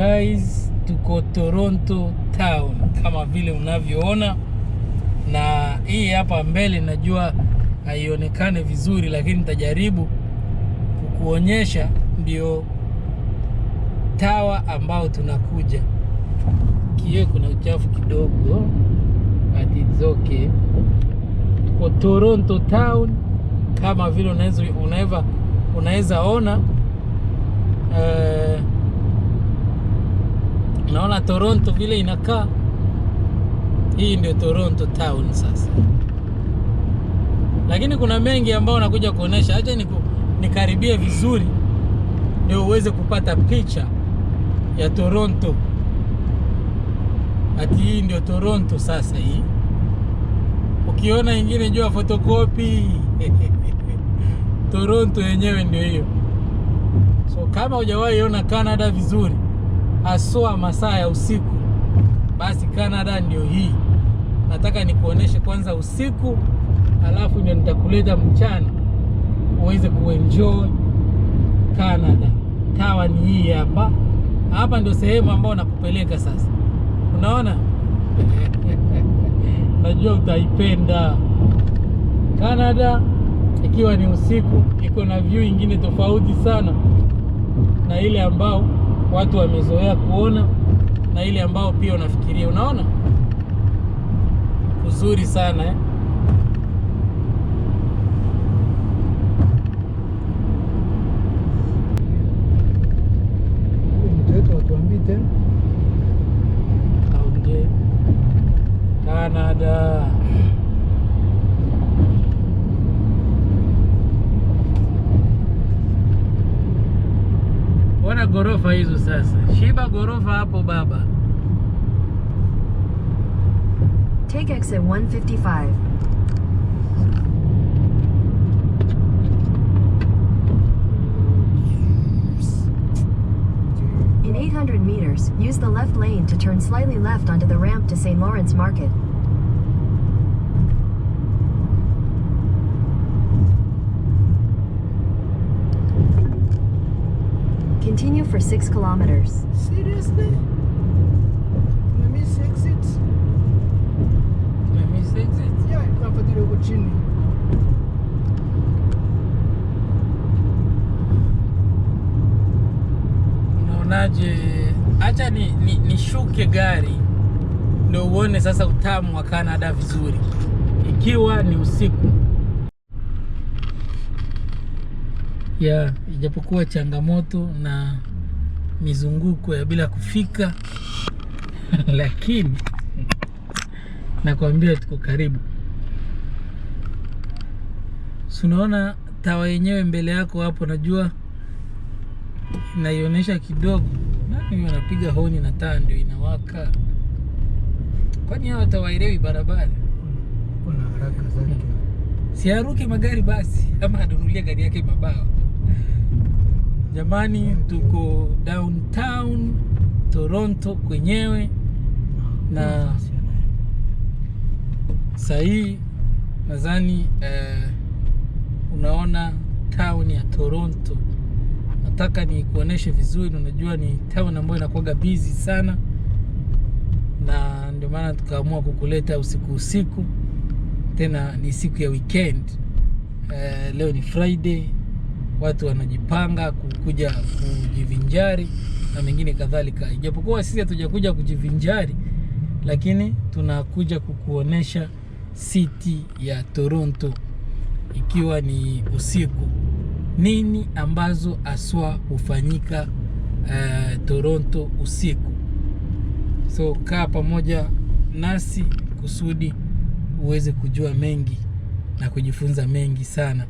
Guys, tuko Toronto town kama vile unavyoona, na hii hapa mbele, najua haionekane vizuri, lakini nitajaribu kukuonyesha. Ndio tawa ambao tunakuja kiwe kuna uchafu kidogo, but it's okay. Tuko Toronto town kama vile unaweza unaweza ona eh, Naona Toronto vile inakaa, hii ndio Toronto town sasa, lakini kuna mengi ambayo nakuja kuonesha. Acha nikaribie vizuri ndio uweze kupata picha ya Toronto. Ati hii ndio Toronto sasa. Hii ukiona ingine jua fotokopi Toronto yenyewe ndio hiyo. So kama hujawahi ona Canada vizuri haswa masaa ya usiku, basi Canada ndio hii. Nataka nikuoneshe kwanza usiku, alafu ndio nitakuleta mchana uweze kuenjoy Canada. Tawa ni hii hapa, hapa ndio sehemu ambayo nakupeleka sasa. Unaona, najua utaipenda Canada ikiwa ni usiku, iko na view ingine tofauti sana na ile ambao watu wamezoea kuona na ile ambao pia unafikiria. Unaona uzuri sana eh? Canada ghorofa hizo sasa, shiba ghorofa hapo baba. Take exit 155. In 800 meters, use the left lane to turn slightly left onto the ramp to St. Lawrence Market. Continue for 6 kilometers. Seriously? Let me exit. Let me exit. Yeah, tunafuatilia huko chini. Unaonaje? Acha ni, ni, nishuke gari ndio uone sasa utamu wa Canada vizuri, ikiwa ni usiku. ya ijapokuwa changamoto na mizunguko ya bila kufika lakini nakwambia tuko karibu. Sunaona tawa yenyewe mbele yako hapo, najua inaionyesha kidogo. Nani wanapiga honi na taa ndio inawaka? Kwani hao tawaelewi barabara? Kuna haraka zake, siaruke magari basi, ama anunulia gari yake mabawa Jamani, tuko downtown Toronto kwenyewe, na sahii nadhani eh, unaona town ya Toronto. Nataka ni kuonyeshe vizuri, unajua ni town ambayo inakuwaga busy sana, na ndio maana tukaamua kukuleta usiku usiku, tena ni siku ya weekend. Eh, leo ni Friday watu wanajipanga kukuja kujivinjari na mengine kadhalika. Ijapokuwa sisi hatujakuja kujivinjari, lakini tunakuja kukuonesha city ya Toronto ikiwa ni usiku, nini ambazo aswa hufanyika uh, Toronto usiku. So kaa pamoja nasi kusudi uweze kujua mengi na kujifunza mengi sana.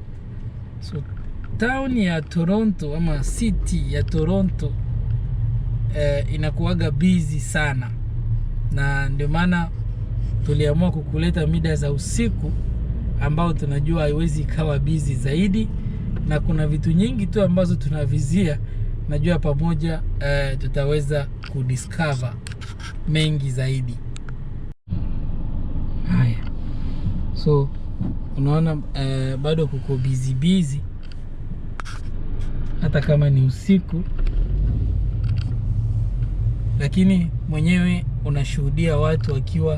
So town ya Toronto ama city ya Toronto eh, inakuwaga busy sana, na ndio maana tuliamua kukuleta mida za usiku ambao tunajua haiwezi ikawa busy zaidi, na kuna vitu nyingi tu ambazo tunavizia najua pamoja eh, tutaweza kudiscover mengi zaidi. Haya, so unaona eh, bado kuko busy busy, hata kama ni usiku, lakini mwenyewe unashuhudia watu wakiwa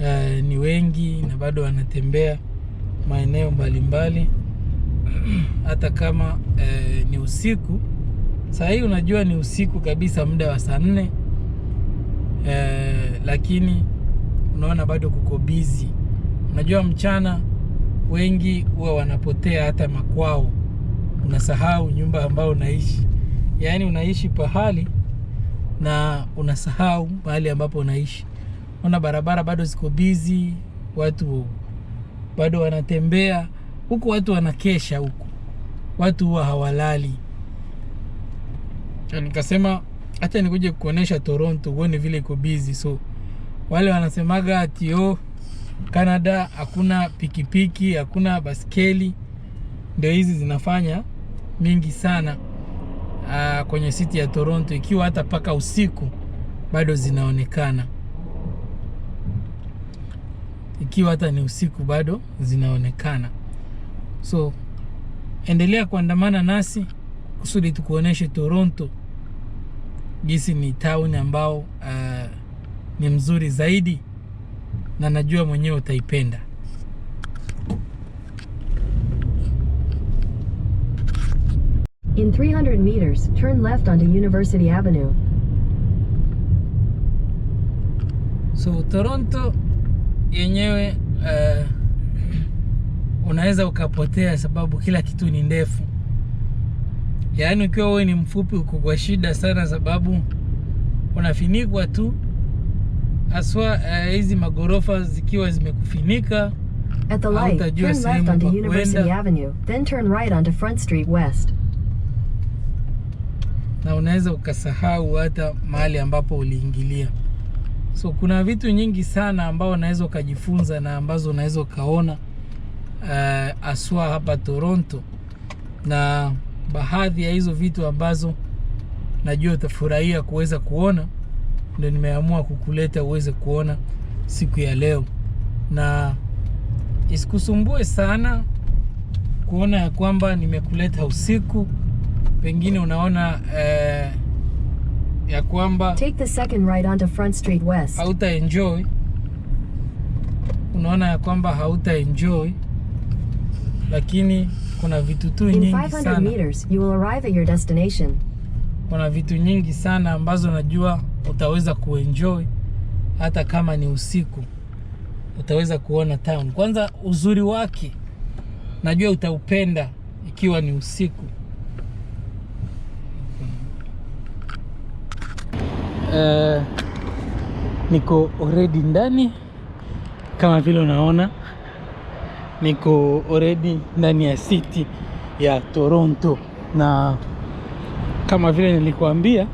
uh, ni wengi na bado wanatembea maeneo mbalimbali hata kama uh, ni usiku. Saa hii unajua ni usiku kabisa, muda wa saa nne uh, lakini unaona bado kuko bizi. Unajua mchana wengi huwa wanapotea hata makwao unasahau nyumba ambayo unaishi, yaani unaishi pahali na unasahau pahali ambapo unaishi. Ona barabara bado ziko bizi, watu bado wanatembea huku, watu wanakesha huku, watu huwa hawalali. Nikasema hata nikuje kuonesha Toronto uone vile iko bizi. So wale wanasemaga ati oh, Canada hakuna pikipiki, hakuna baskeli, ndio hizi zinafanya mingi sana uh, kwenye siti ya Toronto, ikiwa hata mpaka usiku bado zinaonekana, ikiwa hata ni usiku bado zinaonekana. So endelea kuandamana nasi kusudi tukuoneshe Toronto jinsi ni town ambao uh, ni mzuri zaidi, na najua mwenyewe utaipenda. In 300 meters, turn left onto University Avenue. So Toronto yenyewe uh, unaweza ukapotea sababu kila kitu ni ndefu. Yaani ukiwa wewe ni mfupi ukugwa shida sana sababu unafinikwa tu haswa eh, hizi uh, magorofa zikiwa zimekufinika. At the light, turn left onto University Avenue, then turn right onto Front Street West na unaweza ukasahau hata mahali ambapo uliingilia. So kuna vitu nyingi sana ambao unaweza ukajifunza na ambazo unaweza ukaona uh, eh, aswa hapa Toronto, na baadhi ya hizo vitu ambazo najua utafurahia kuweza kuona ndio nimeamua kukuleta uweze kuona siku ya leo, na isikusumbue sana kuona ya kwamba nimekuleta usiku pengine unaona eh, ya kwamba Take the second right onto Front Street West. Hauta enjoy, unaona ya kwamba hauta enjoy, lakini kuna vitu tu nyingi sana. Meters, you will arrive at your destination. Kuna vitu nyingi sana ambazo najua utaweza kuenjoy hata kama ni usiku, utaweza kuona town. Kwanza uzuri wake najua utaupenda ikiwa ni usiku. uh, niko already ndani kama vile unaona, niko already ndani ya city ya Toronto, na kama vile nilikuambia,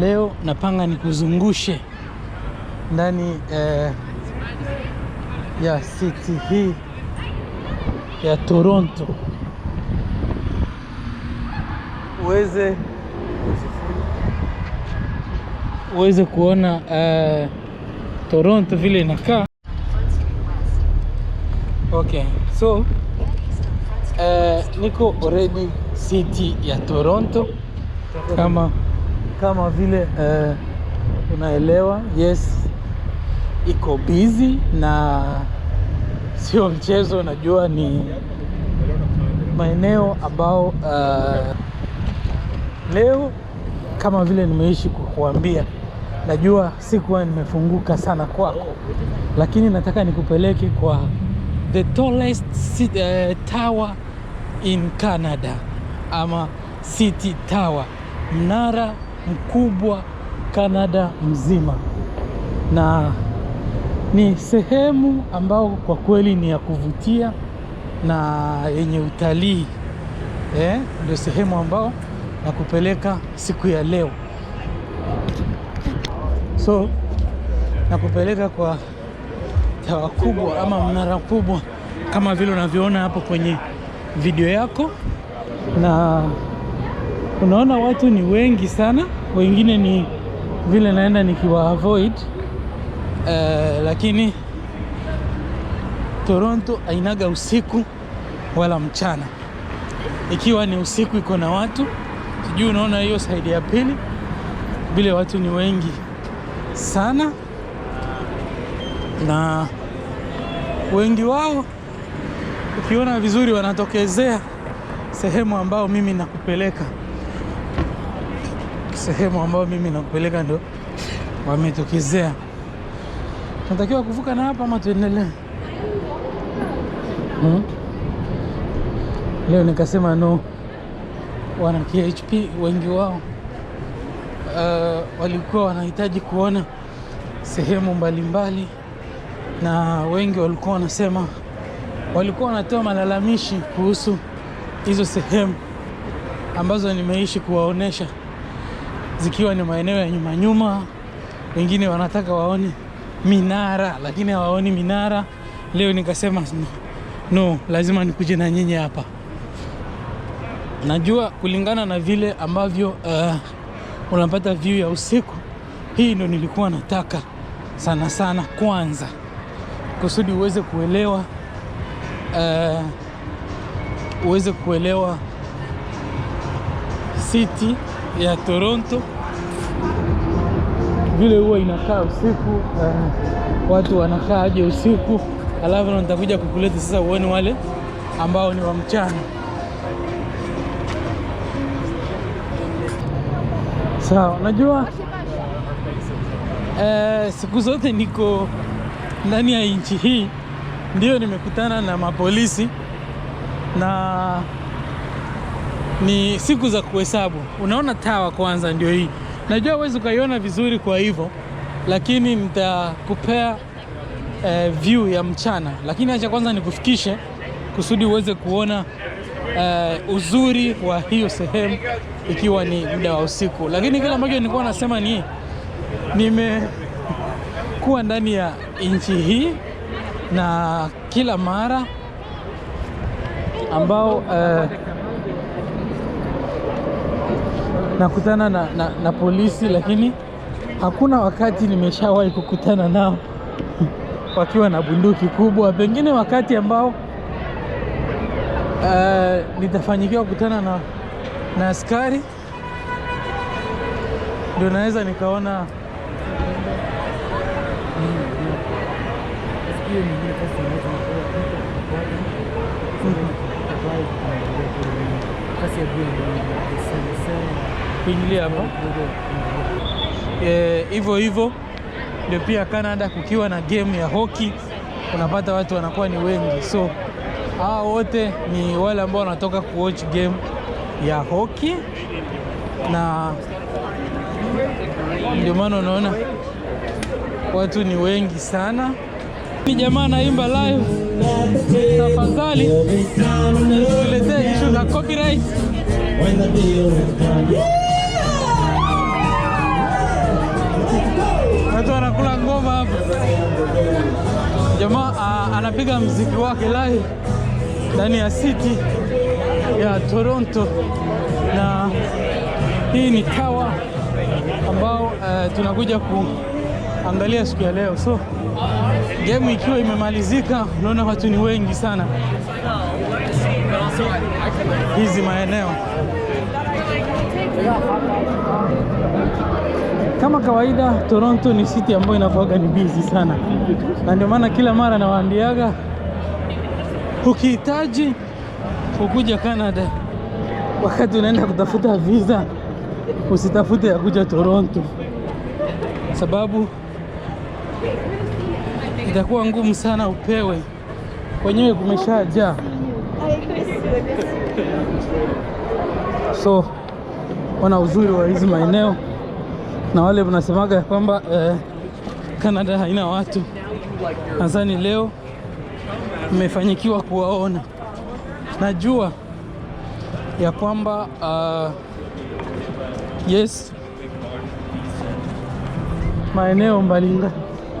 leo napanga nikuzungushe ndani uh, ya city hii ya Toronto uweze uweze kuona uh, Toronto vile inakaa. Okay, so uh, niko already city ya Toronto kama kama vile uh, unaelewa. Yes, iko busy na sio mchezo, najua ni maeneo ambao uh, leo kama vile nimeishi kukuambia najua sikuwa nimefunguka sana kwako, lakini nataka nikupeleke kwa the tallest uh, tower in Canada ama city tower, mnara mkubwa Canada mzima, na ni sehemu ambayo kwa kweli ni ya kuvutia na yenye utalii eh, ndio sehemu ambao nakupeleka siku ya leo so na kupeleka kwa tawa kubwa ama mnara kubwa kama vile unavyoona hapo kwenye video yako, na unaona watu ni wengi sana, wengine ni vile naenda nikiwa avoid uh, lakini Toronto ainaga usiku wala mchana. Ikiwa ni usiku iko na watu, sijui unaona hiyo side ya pili, vile watu ni wengi sana, na wengi wao ukiona vizuri wanatokezea sehemu ambao mimi nakupeleka, sehemu ambao mimi nakupeleka ndo wametokezea. Tunatakiwa kuvuka na hapa ama tuendelee? Hmm? Leo nikasema no, wana KHP wengi wao uh, walikuwa wanahitaji kuona sehemu mbalimbali, na wengi walikuwa wanasema, walikuwa wanatoa malalamishi kuhusu hizo sehemu ambazo nimeishi kuwaonesha, zikiwa ni maeneo ya nyuma nyuma. Wengine wanataka waone minara, lakini hawaoni minara. Leo nikasema no, lazima nikuje na nyinyi hapa. Najua kulingana na vile ambavyo uh, unapata view ya usiku. Hii ndo nilikuwa nataka sana sana kwanza, kusudi uweze kuelewa uh, uweze kuelewa city ya Toronto vile huwa inakaa usiku uh, watu wanakaaje usiku, alafu nitakuja kukuleta sasa uone wale ambao ni wa mchana. Sawa, unajua eh, siku zote niko ndani ya nchi hii ndio nimekutana na mapolisi na ni siku za kuhesabu. Unaona tawa kwanza ndio hii, najua huwezi ukaiona vizuri kwa hivyo, lakini nitakupea eh, view ya mchana, lakini acha kwanza nikufikishe kusudi uweze kuona uh, uzuri wa hiyo sehemu ikiwa ni muda wa usiku. Lakini kile ambacho nilikuwa nasema ni nimekuwa ndani ya nchi hii na kila mara ambao uh, nakutana na, na, na polisi, lakini hakuna wakati nimeshawahi kukutana nao wakiwa na bunduki kubwa, pengine wakati ambao nitafanyikiwa kutana kukutana na, na askari ndio naweza nikaona kuingilia hapa e, hivyo hivyo. Ndio pia Canada kukiwa na game ya hoki unapata watu wanakuwa ni wengi so hawa wote ni wale ambao wanatoka kuwatch game ya hoki na ndio maana unaona watu ni wengi sana. Ni jamaa naimba live, tafadhali tuletee issue za copyright. Watu wanakula ngoma hapa, jamaa anapiga mziki wake live ndani ya city ya Toronto, na hii ni kawa ambao uh, tunakuja kuangalia siku ya leo. So game ikiwa imemalizika, unaona watu ni wengi sana hizi maeneo kama kawaida Toronto ni city ambayo inakuwaga ni busy sana, na ndio maana kila mara nawaambiaga ukihitaji kukuja Canada wakati unaenda kutafuta visa, usitafute ya kuja Toronto, sababu itakuwa ngumu sana upewe, kwenyewe kumeshajaa. So wana uzuri wa hizi maeneo na wale mnasemaga ya kwamba eh, Canada haina watu, nadhani leo mmefanyikiwa kuwaona. Najua ya kwamba uh, yes maeneo mbalimbali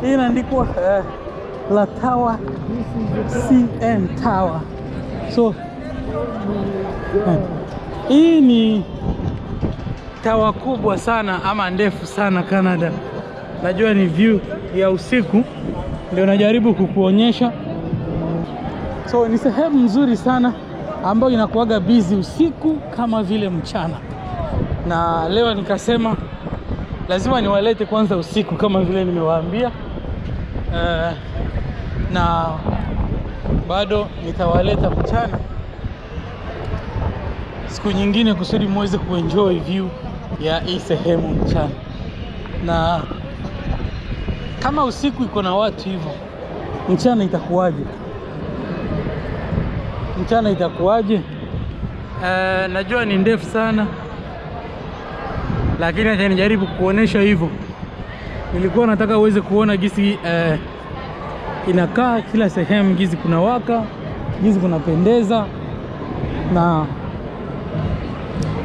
hii inaandikwa uh, la tower CN Tower. So hmm. hii uh, ni tawa kubwa sana ama ndefu sana Canada. Najua ni view ya usiku, ndio najaribu kukuonyesha. So ni sehemu nzuri sana ambayo inakuwaga busy usiku kama vile mchana, na leo nikasema lazima niwalete kwanza usiku kama vile nimewaambia, uh, na bado nitawaleta mchana siku nyingine kusudi muweze kuenjoy view ya hii sehemu mchana, na kama usiku iko na watu hivyo, mchana itakuwaje? mchana itakuwaje? Uh, najua ni ndefu sana lakini acha nijaribu kuonesha hivyo. Nilikuwa nataka uweze kuona gisi uh, eh, inakaa kila sehemu, gizi kuna waka, gizi kunapendeza na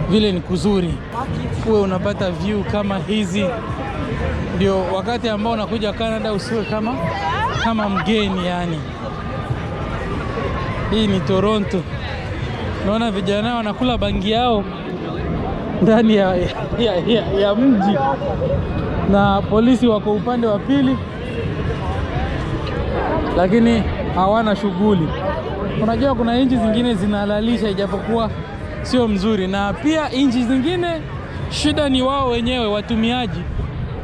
vile ni kuzuri, uwe unapata view kama hizi. Ndio wakati ambao unakuja Canada usiwe kama, kama mgeni yani. Hii ni Toronto. Naona vijana wanakula bangi yao ndani ya, ya, ya, ya mji na polisi wako upande wa pili, lakini hawana shughuli. Unajua kuna nchi zingine zinalalisha ijapokuwa sio mzuri, na pia nchi zingine shida ni wao wenyewe watumiaji.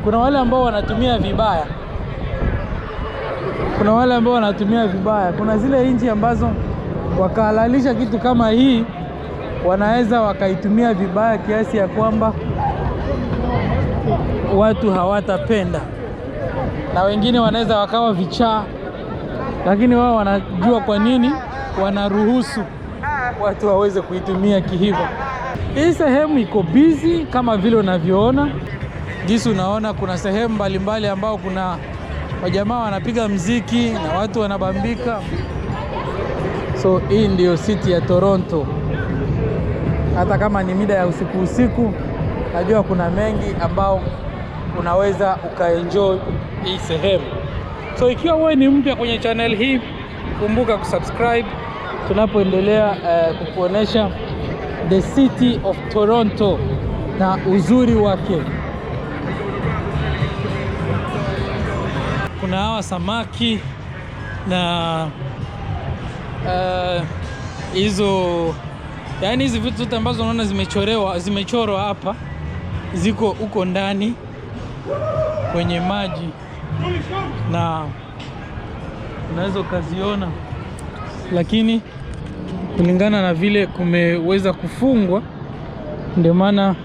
Kuna wale ambao wanatumia vibaya, kuna wale ambao wanatumia vibaya, kuna zile nchi ambazo wakahalalisha kitu kama hii, wanaweza wakaitumia vibaya kiasi ya kwamba watu hawatapenda, na wengine wanaweza wakawa vichaa, lakini wao wanajua kwa nini wanaruhusu watu waweze kuitumia kihivyo. Hii sehemu iko bizi kama vile unavyoona jinsi unaona, kuna sehemu mbalimbali ambao kuna wajamaa wanapiga mziki na watu wanabambika. So hii ndiyo city ya Toronto. Hata kama ni mida ya usiku usiku, najua kuna mengi ambao unaweza ukaenjoy hii sehemu. So ikiwa wewe ni mpya kwenye channel hii, kumbuka kusubscribe tunapoendelea uh, kukuonesha the city of Toronto na uzuri wake. Kuna hawa samaki na Eh, hizo uh, yani hizi vitu zote ambazo unaona zimechorewa zimechorwa hapa ziko huko ndani kwenye maji na unaweza ukaziona, lakini kulingana na vile kumeweza kufungwa, ndio maana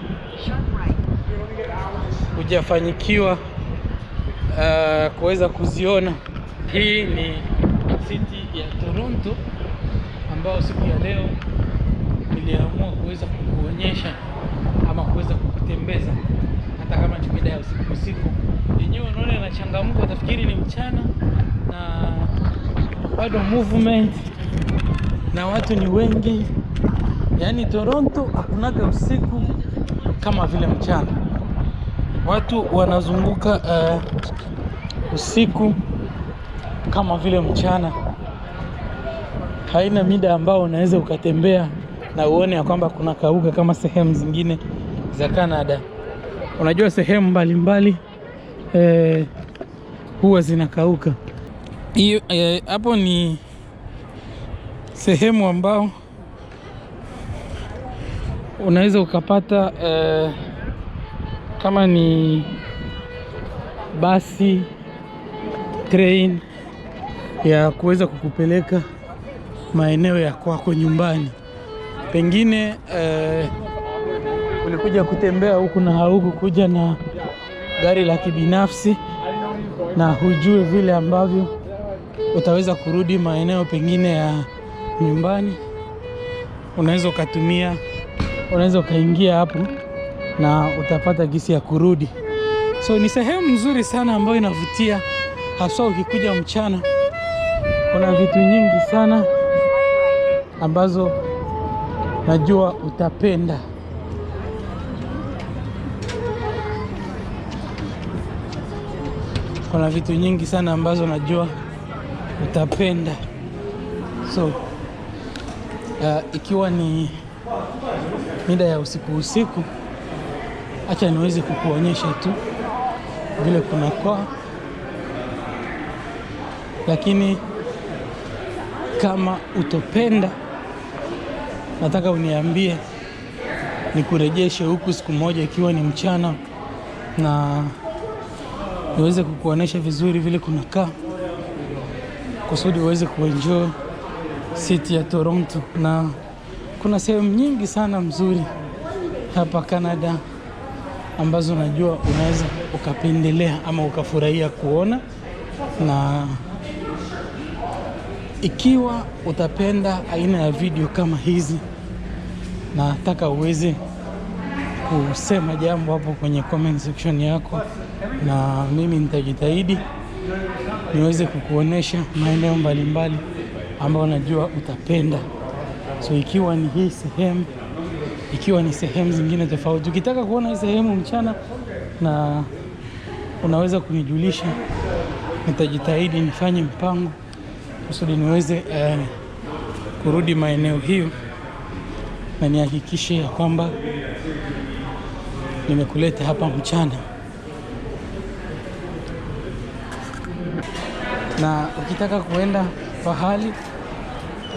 hujafanyikiwa uh, kuweza kuziona. Hii ni City ya Toronto, ambao siku ya leo niliamua kuweza kukuonyesha ama kuweza kukutembeza hata kama ni mida ya usiku usiku. Yenyewe unaona inachangamka, utafikiri ni mchana, na bado movement na watu ni wengi. Yaani Toronto hakunaga usiku kama vile mchana, watu wanazunguka uh, usiku kama vile mchana, haina mida ambao unaweza ukatembea na uone ya kwamba kuna kauka kama sehemu zingine za Canada. Unajua sehemu mbalimbali eh, huwa zinakauka hiyo eh, hapo. Eh, ni sehemu ambao unaweza ukapata eh, kama ni basi train ya kuweza kukupeleka maeneo ya kwako nyumbani. Pengine eh, ulikuja kutembea huku na hauku kuja na gari la kibinafsi, na hujue vile ambavyo utaweza kurudi maeneo pengine ya nyumbani, unaweza ukatumia, unaweza ukaingia hapo na utapata gisi ya kurudi. So ni sehemu nzuri sana ambayo inavutia, haswa ukikuja mchana kuna vitu nyingi sana ambazo najua utapenda. Kuna vitu nyingi sana ambazo najua utapenda. So uh, ikiwa ni mida ya usiku usiku, acha niweze kukuonyesha tu vile kunakoa lakini kama utopenda, nataka uniambie nikurejeshe huku siku moja, ikiwa ni mchana, na niweze kukuonesha vizuri vile kunakaa, kusudi uweze kuenjoy city ya Toronto. Na kuna sehemu nyingi sana mzuri hapa Canada ambazo najua unaweza ukapendelea ama ukafurahia kuona na ikiwa utapenda aina ya video kama hizi, nataka uweze kusema jambo hapo kwenye comment section yako, na mimi nitajitahidi niweze kukuonesha maeneo mbalimbali ambayo najua utapenda. So ikiwa ni hii sehemu, ikiwa ni sehemu zingine tofauti, ukitaka kuona hii sehemu mchana na unaweza kunijulisha, nitajitahidi nifanye mpango kusudi niweze eh, kurudi maeneo hiyo na nihakikishe ya kwamba nimekuleta hapa mchana, na ukitaka kuenda pahali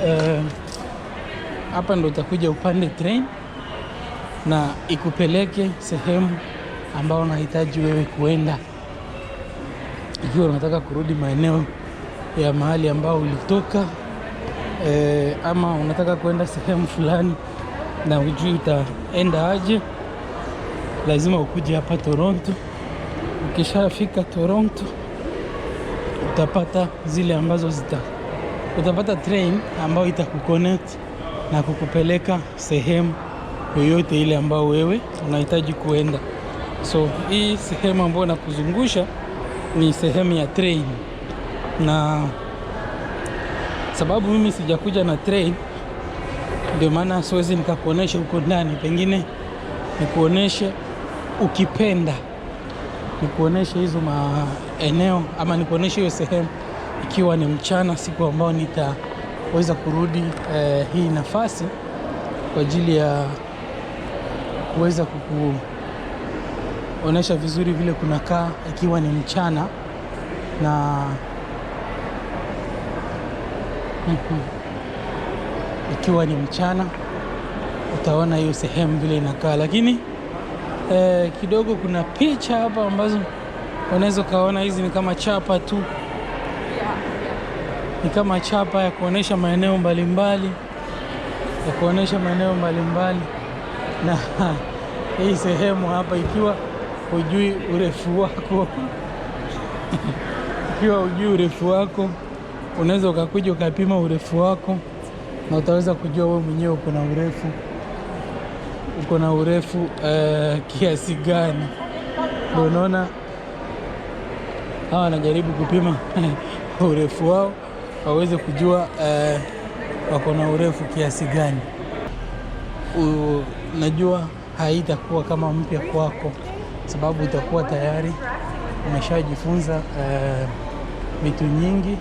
eh, hapa ndo utakuja upande train na ikupeleke sehemu ambayo unahitaji wewe kuenda, ikiwa unataka kurudi maeneo ya mahali ambao ulitoka e, ama unataka kuenda sehemu fulani na ujui utaenda aje, lazima ukuje hapa Toronto. Ukishafika Toronto utapata zile ambazo zita utapata train ambayo itakukonnect na kukupeleka sehemu yoyote ile ambayo wewe unahitaji kuenda. So hii sehemu ambayo nakuzungusha ni sehemu ya train na sababu mimi sijakuja na train, ndio maana siwezi nikakuonesha huko ndani, pengine nikuoneshe ukipenda, nikuoneshe hizo maeneo ama nikuoneshe hiyo sehemu, ikiwa ni mchana, siku ambayo nitaweza kurudi eh, hii nafasi kwa ajili ya kuweza kukuonesha vizuri vile kunakaa, ikiwa ni mchana na Mhm. Ikiwa ni mchana utaona hiyo sehemu vile inakaa, lakini eh, kidogo kuna picha hapa ambazo unaweza ukaona hizi ni kama chapa tu, ni kama chapa ya kuonesha maeneo mbalimbali ya kuonesha maeneo mbalimbali na hii sehemu hapa, ikiwa hujui urefu wako ikiwa hujui urefu wako unaweza ukakuja ukapima urefu wako na utaweza kujua wewe mwenyewe uko na urefu uko na urefu uh, kiasi gani. Ndio unaona hawa wanajaribu kupima urefu wao waweze kujua uh, wako na urefu kiasi gani. Unajua haitakuwa kama mpya kwako, sababu utakuwa tayari umeshajifunza uh, vitu nyingi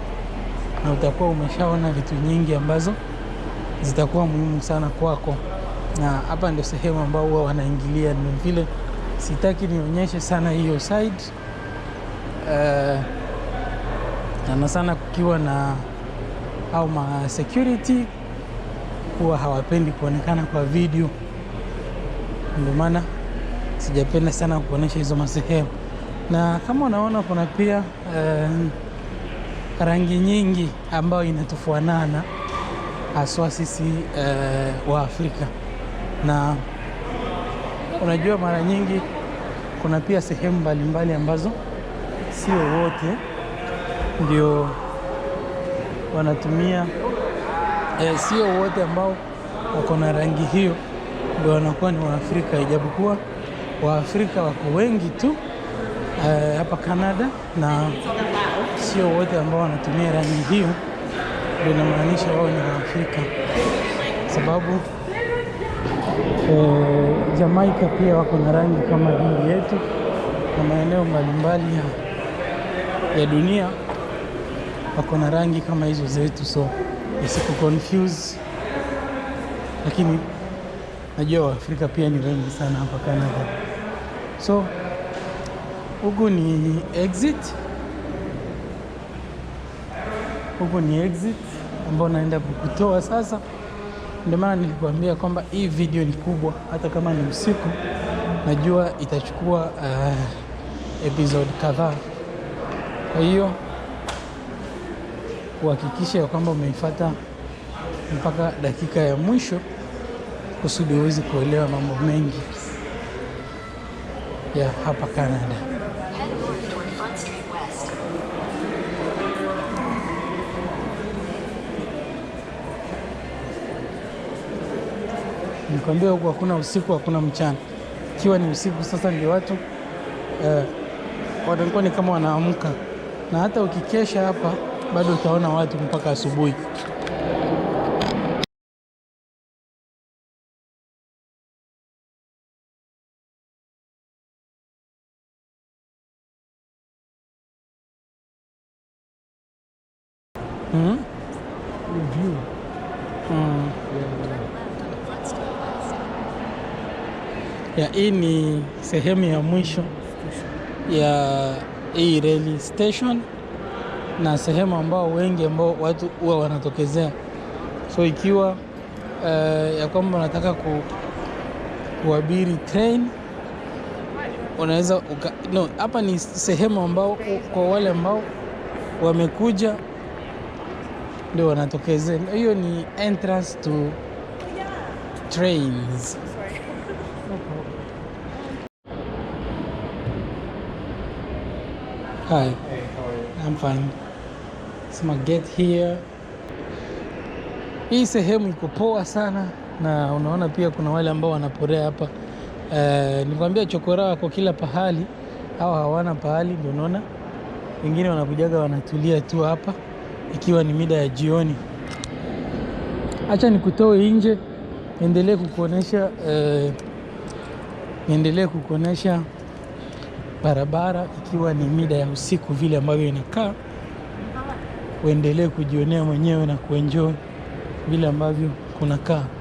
na utakuwa umeshaona vitu nyingi ambazo zitakuwa muhimu sana kwako, na hapa ndio sehemu ambao huwa wanaingilia. Ndio vile sitaki nionyeshe sana hiyo side uh, sana sana kukiwa na au ma security huwa hawapendi kuonekana kwa video, ndio maana sijapenda sana kuonyesha hizo masehemu, na kama unaona kuna pia uh, rangi nyingi ambayo inatufanana haswa sisi uh, wa Afrika. Na unajua mara nyingi kuna pia sehemu mbalimbali ambazo sio wote ndio wanatumia eh, sio wote ambao wako na rangi hiyo ndio wanakuwa ni Waafrika, ijapokuwa Waafrika wako wengi tu eh, hapa Canada na sio wote ambao wanatumia rangi hiyo ndio inamaanisha wao ni Waafrika, sababu e, Jamaika pia wako na rangi kama hii yetu na maeneo mbalimbali ya, ya dunia wako na rangi kama hizo zetu, so isiku confuse, lakini najua Waafrika pia ni wengi sana hapa Canada. So huku ni exit huku ni exit ambao naenda kukutoa sasa. Ndio maana nilikuambia kwamba hii video ni kubwa, hata kama ni usiku, najua itachukua uh, episode kadhaa. Kwa hiyo uhakikisha ya kwamba umeifuata mpaka dakika ya mwisho kusudi uweze kuelewa mambo mengi ya hapa Canada. Nikwambia huku hakuna usiku, hakuna mchana. Ikiwa ni usiku sasa ndio watu eh, watakuwa ni kama wanaamka, na hata ukikesha hapa bado utaona watu mpaka asubuhi. Mm -hmm. ya hii ni sehemu ya mwisho ya hii reli station na sehemu ambao wengi ambao watu huwa wanatokezea. So ikiwa uh, ya kwamba unataka ku, kuabiri train unaweza uka, no, hapa ni sehemu ambao kwa wale ambao wamekuja ndio wanatokezea. Hiyo ni entrance to trains. Hi. Hey, how are you? I'm fine. So my get here. Hii sehemu iko poa sana na unaona pia kuna wale ambao wanaporea hapa. Eh, nikwambia chokora wako kila pahali au hawana pahali, ndio unaona wengine wanakujaga wanatulia tu hapa, ikiwa ni mida ya jioni. Acha nikutoe nje, endelee kukuonesha eh, endelee kukuonesha barabara ikiwa ni mida ya usiku vile ambavyo inakaa, uendelee kujionea mwenyewe na kuenjoy vile ambavyo kunakaa.